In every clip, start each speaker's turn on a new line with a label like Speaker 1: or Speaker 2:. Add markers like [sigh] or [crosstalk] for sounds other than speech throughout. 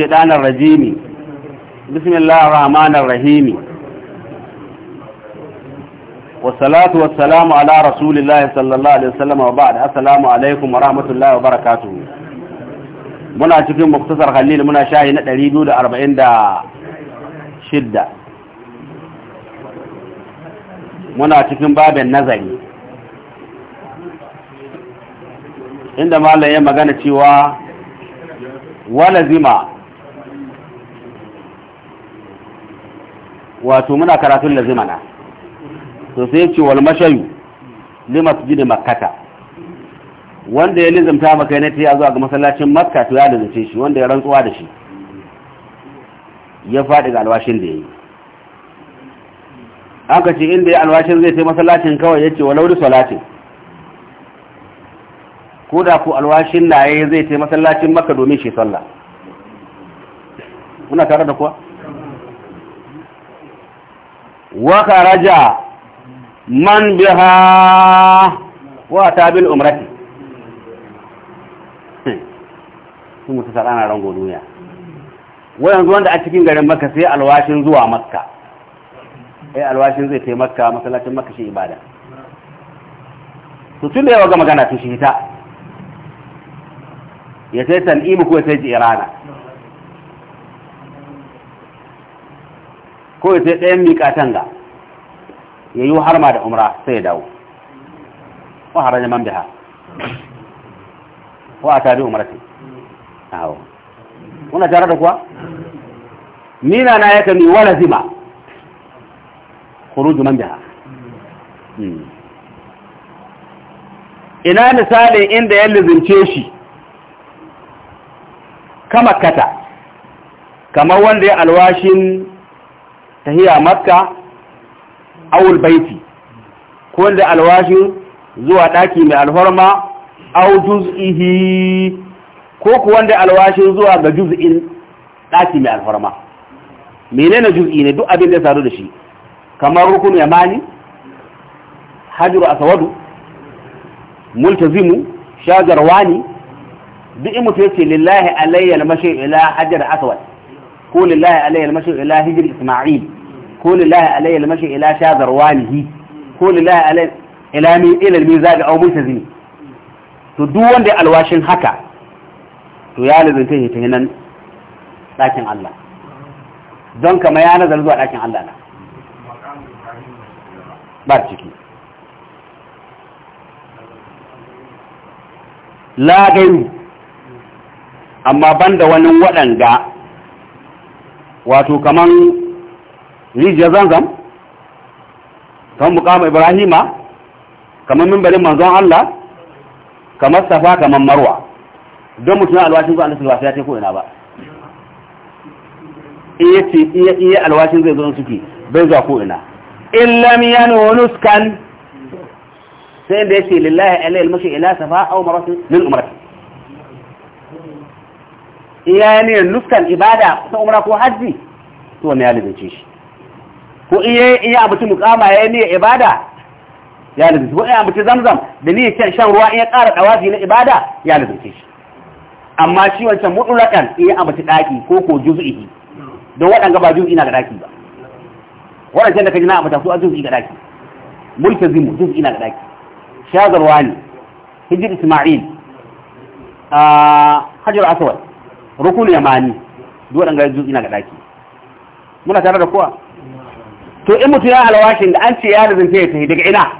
Speaker 1: الشيطان الرجيم بسم الله الرحمن الرحيم والصلاة والسلام على رسول الله صلى الله عليه وسلم وبعد السلام عليكم ورحمة الله وبركاته muna cikin muktasar halil muna shayi na 246 muna cikin babin nazari inda malam ya magana cewa walazima wato muna karatun zimana to sai ce wal mashayu li masjid makkata wanda ya nizamta maka ne ta zuwa ga masallacin makka to ya zace shi wanda ya rantsuwa da shi ya faɗi ga alwashin da yayi aka ce inda ya alwashin zai sai masallacin kawai yace walau da salatin ko da ku alwashin na yayi zai sai masallacin makka domin shi sallah muna tare da kuwa وخرج من بها واتى بالعمرة sun mutu sa ana rango duniya wayan zuwan a cikin garin makka sai alwashin zuwa makka ai alwashin zai tai makka masallacin makka shi ibada to tun yawa ga magana tun shi ta ya sai tan'imu ko ya sai jirana ko ya sai ɗayan miƙa ga ya yi harma da umra sai ya dawo a haraja man biha ko a tabi a hau kuna tare da kuwa nina na ya kami wala zima khuruju man biha hmm. ina misalin inda ya lizince shi kama kata kamar wanda ya alwashin tahiya makka awul baiti ko da alwashin zuwa daki mai alhorma aw juz'ihi ko ku wanda alwashin zuwa ga juz'in daki mai alhorma menene juz'i ne duk abin da ya sadu da shi kamar rukun yamani hajru aswadu multazimu shajarwani duk in lillahi alayya almashi ila hajar aswad ko lillahi alayhi almashi ila hijr isma'il ko lillahi alayhi almashi ila shazar walihi ko lillahi alayhi ila min ila almizaj aw multazim to duk wanda alwashin haka to ya lazanta nan dakin Allah don kama ya nazar zuwa Allah na ba ciki amma banda wani waɗanda wato kaman rijiyar zanzan kamar mukamu ibrahima kamar mimbarin manzon Allah kamar safa kamar marwa don mutum alwashin zuwa nasu wasu ya ce ko'ina ba iya iya alwashin zai zuwa suke bai zuwa ko'ina illam yano nuskan sai da ya ce lillahi alayhi mashi ila safa au marasin min umaratin iya ya nufkan ibada ta umra ko hajji to wani ya lalace shi ko iya iya abuci mukama ya niyyar ibada ya lalace. ko iya abuci zamzam da niyyar shan ruwa iya ƙara dawafi na ibada ya lalace shi amma shi wancan mutulakan iya abuci daki ko ko juz'i don waɗanga ba juz'i na ga daki ba waɗancan da ka na abuta su a juz'i ga daki multazimu juz'i na ga daki shazarwani isma'il hajjar hajar aswad rukunu yamani duk wadanga jutsi na ga daki muna tare da kowa to in mutu ya alwashin da an ce ya da zance ya tafi daga ina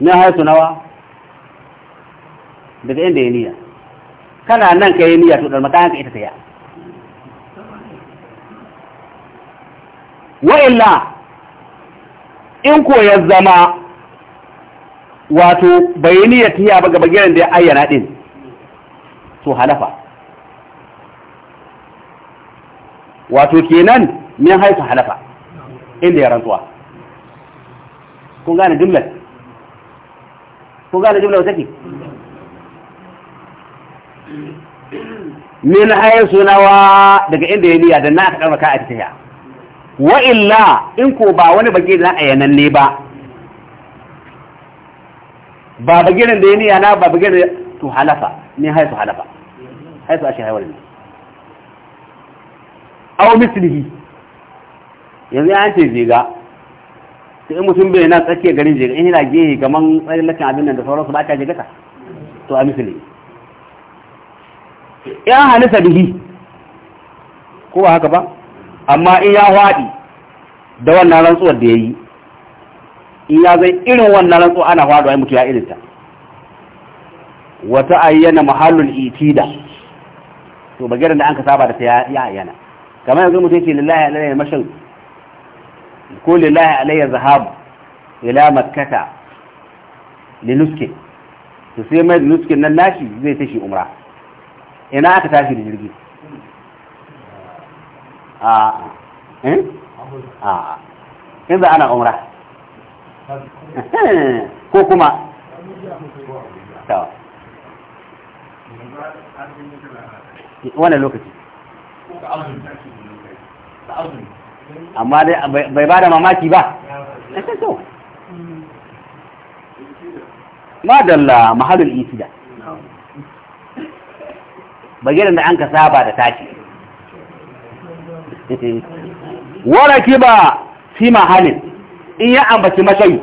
Speaker 1: na haitu nawa daga inda ya niya. kana nan ka yi niya to dalma kayan ka ita ta ya. illa in ko ya zama wato bai niyyar tiya ba gaba gidan da ya ayyana din to halafa wato kenan min haifa halafa inda ya rantsuwa kun gane jumlar kun gane jumlar wata ke min haisu sunawa daga inda ya niyya da na aka karɓar ka'a ta wa illa in ko ba wani bage da a yanan ne ba ba bagiran da ya niyya na ba bagiran to halafa min haifa halafa haisu ashe haifar ne aw mislihi yanzu ya ce jega sai mutum bai na tsakiyar garin jega in yana gehe kaman tsallakin abin nan da sauransu ba ta jegata to a mislihi ya halitta bihi ko ba haka ba amma in ya waɗi da wannan rantsuwar da ya yi in ya zai irin wannan rantsuwa ana faɗo ai mutu ya ta wata ayyana mahallul itida to bagiran da an ka saba da ta ya ayyana kamar yanzu mutum ce lillahi alayya mashin ko lillahi alayya zahabu ila makkata linuske to sai mai linuskin nan nashi zai tashi umra ina aka tashi da jirgi a eh a yanzu ana umra [laughs] ko kuma wani lokaci
Speaker 2: amma dai bai ba da mamaki ba so
Speaker 1: madalla mahalin isida bagiran da an ka saba da tashi [laughs] wara kiba fi mahalin in ya ambaci mashayi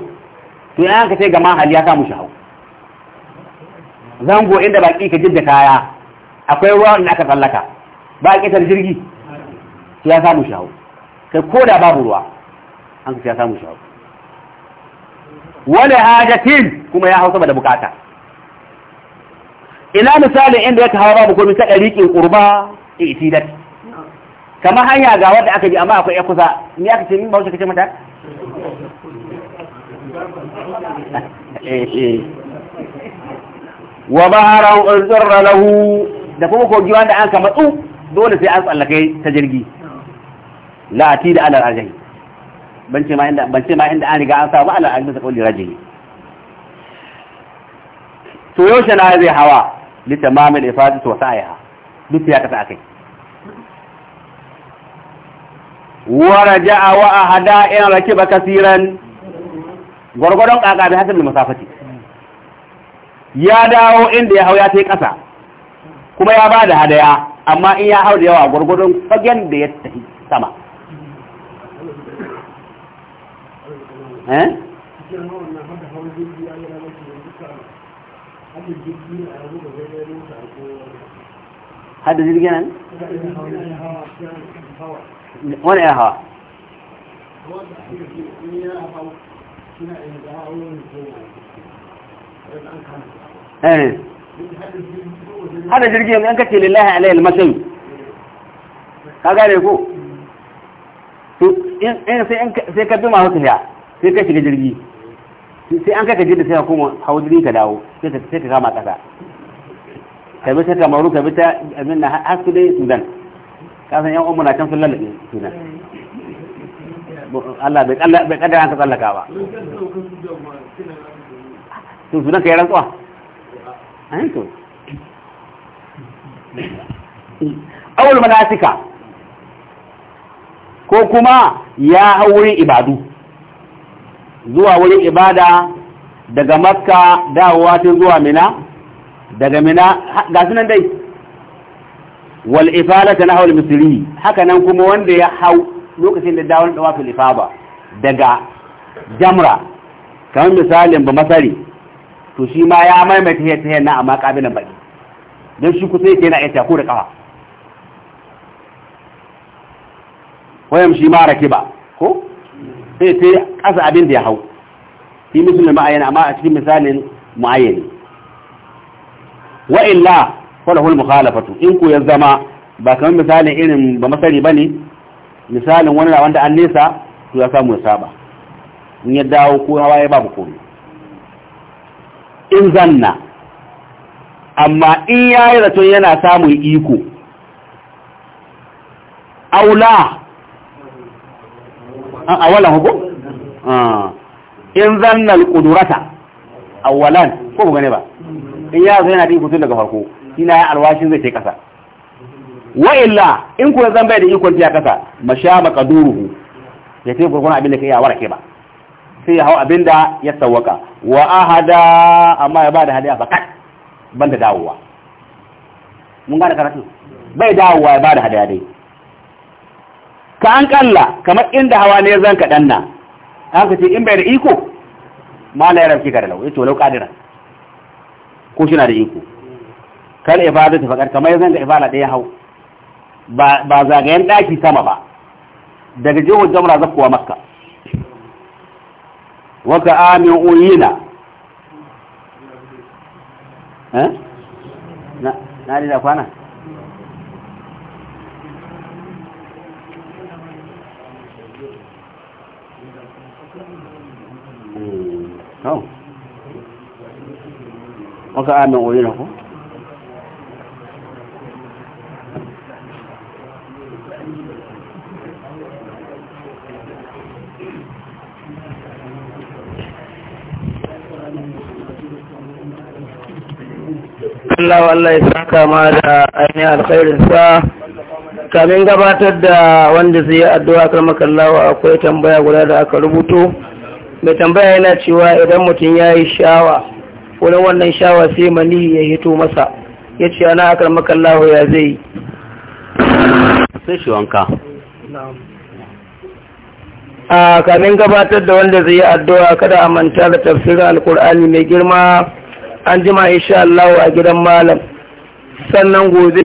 Speaker 1: to ya ka ce ga mahali ya samu shahu zango inda baki ka jidda kaya akwai ruwan da aka tsallaka ba a ƙetar jirgi su ya samu shahu kai ko da babu ruwa an su ya samu shahu wani hajjatin kuma ya hau sama da bukata ina misali inda ya hawa babu komi ta ɗariƙin ƙurba a itidat Kama hanya ga wadda aka ji amma akwai ya kusa ni aka ce min ba wuce kace mata [laughs] eh, eh. wa baharan uzurra lahu da kuma kogi wanda an kama tsu dole sai an tsallake ta jirgi ti da alal arjahi ban ce ma inda ban ce ma inda an riga an samu alal arjahi da kulli rajihi to shi na zai hawa li tamamil ifadi to sa'iha duk ya kasa akai wa raja'a wa ahada in rakiba kasiran gwargwadon kaka bi hasil musafati ya dawo inda ya hau ya tai kasa kuma ya bada hadaya amma in ya hau da yawa gwargwadon fagen da ya tafi sama eh? hada jirgi nan? wani ya hawa wani eh. hada jirgin an kace lillahi alayhi masal ka gane ko to in sai sai ka bi ma hausa ya sai ka shiga jirgi sai an kaka jirgi sai ka koma hawdiri jirgi ka dawo sai ka sai ka kama kasa ka bi ta kamaru ka bi ta amina har su dai sudan ka san yan umma na can sun lallabe sudan Allah bai kaddara an ka tsallaka ba Sun sudan ka yi rantsuwa أنتم أول مناسكة ko kuma ya hau wurin ibadu zuwa wurin ibada daga makka dawowa ta zuwa mina daga mina ga sunan dai wal ifalata na haul misri haka nan kuma wanda ya hau lokacin da dawon dawafil ifaba daga jamra kamar misalin ba masari to shi ma ya maimaita ya tayyar na amma ƙabilan baɗi don shi kusa yake yana iya tako da ƙafa wayan shi ma rake ba ko sai ta ƙasa abin da ya hau fi misalin ma'ayyana amma a cikin misalin mu'ayyani wa'illa falahul mukhalafatu in ku ya zama ba kamar misalin irin ba masari ba ne misalin wani wanda an nesa to ya samu ya saba in ya dawo ko hawaye ya babu komai in zanna amma in ya yi zaton yana samun iko aula an awalan hukum? in zanna al-kudurata awalan ko ba gane ba in ya zai yana da ikutun daga farko ina ya alwashin zai ce kasa wa illa in kuwa zan bai da ikon ta kasa masha duruhu ya ce gurgurun abin da a wara ke ba sai ya hau abin da ya sawwaka wa ahada amma ya ba da hadiya fakat ban da dawowa mun gane karatu bai dawowa ya ba da hadiya dai ka an kalla kamar inda hawa ne zan ka danna an ka ce in bai da iko ma ya rafke ka da lau ya ce lau kadira ko shi na da iko kal ibadatu fakat kamar zan ga ibada ɗaya hau ba zagayen ɗaki sama ba daga jihar jamra zakuwa makka waka amin uyina eh? na da kwana hmm, waka amin uyina ko Allah Allah ya sa kama da ainihin alkhairin sa kamin gabatar da wanda zai addu'a karmakallawa akwai tambaya guda da aka rubuto mai tambaya yana cewa idan mutum ya yi shawa wani wannan shawa sai mani ya hito masa ya ce ana akar makallawa ya zai yi sai shi wanka a kamin gabatar da wanda zai yi addu'a kada a manta da tafsirin alkur'ani mai girma an jima insha Allah a gidan malam sannan gobe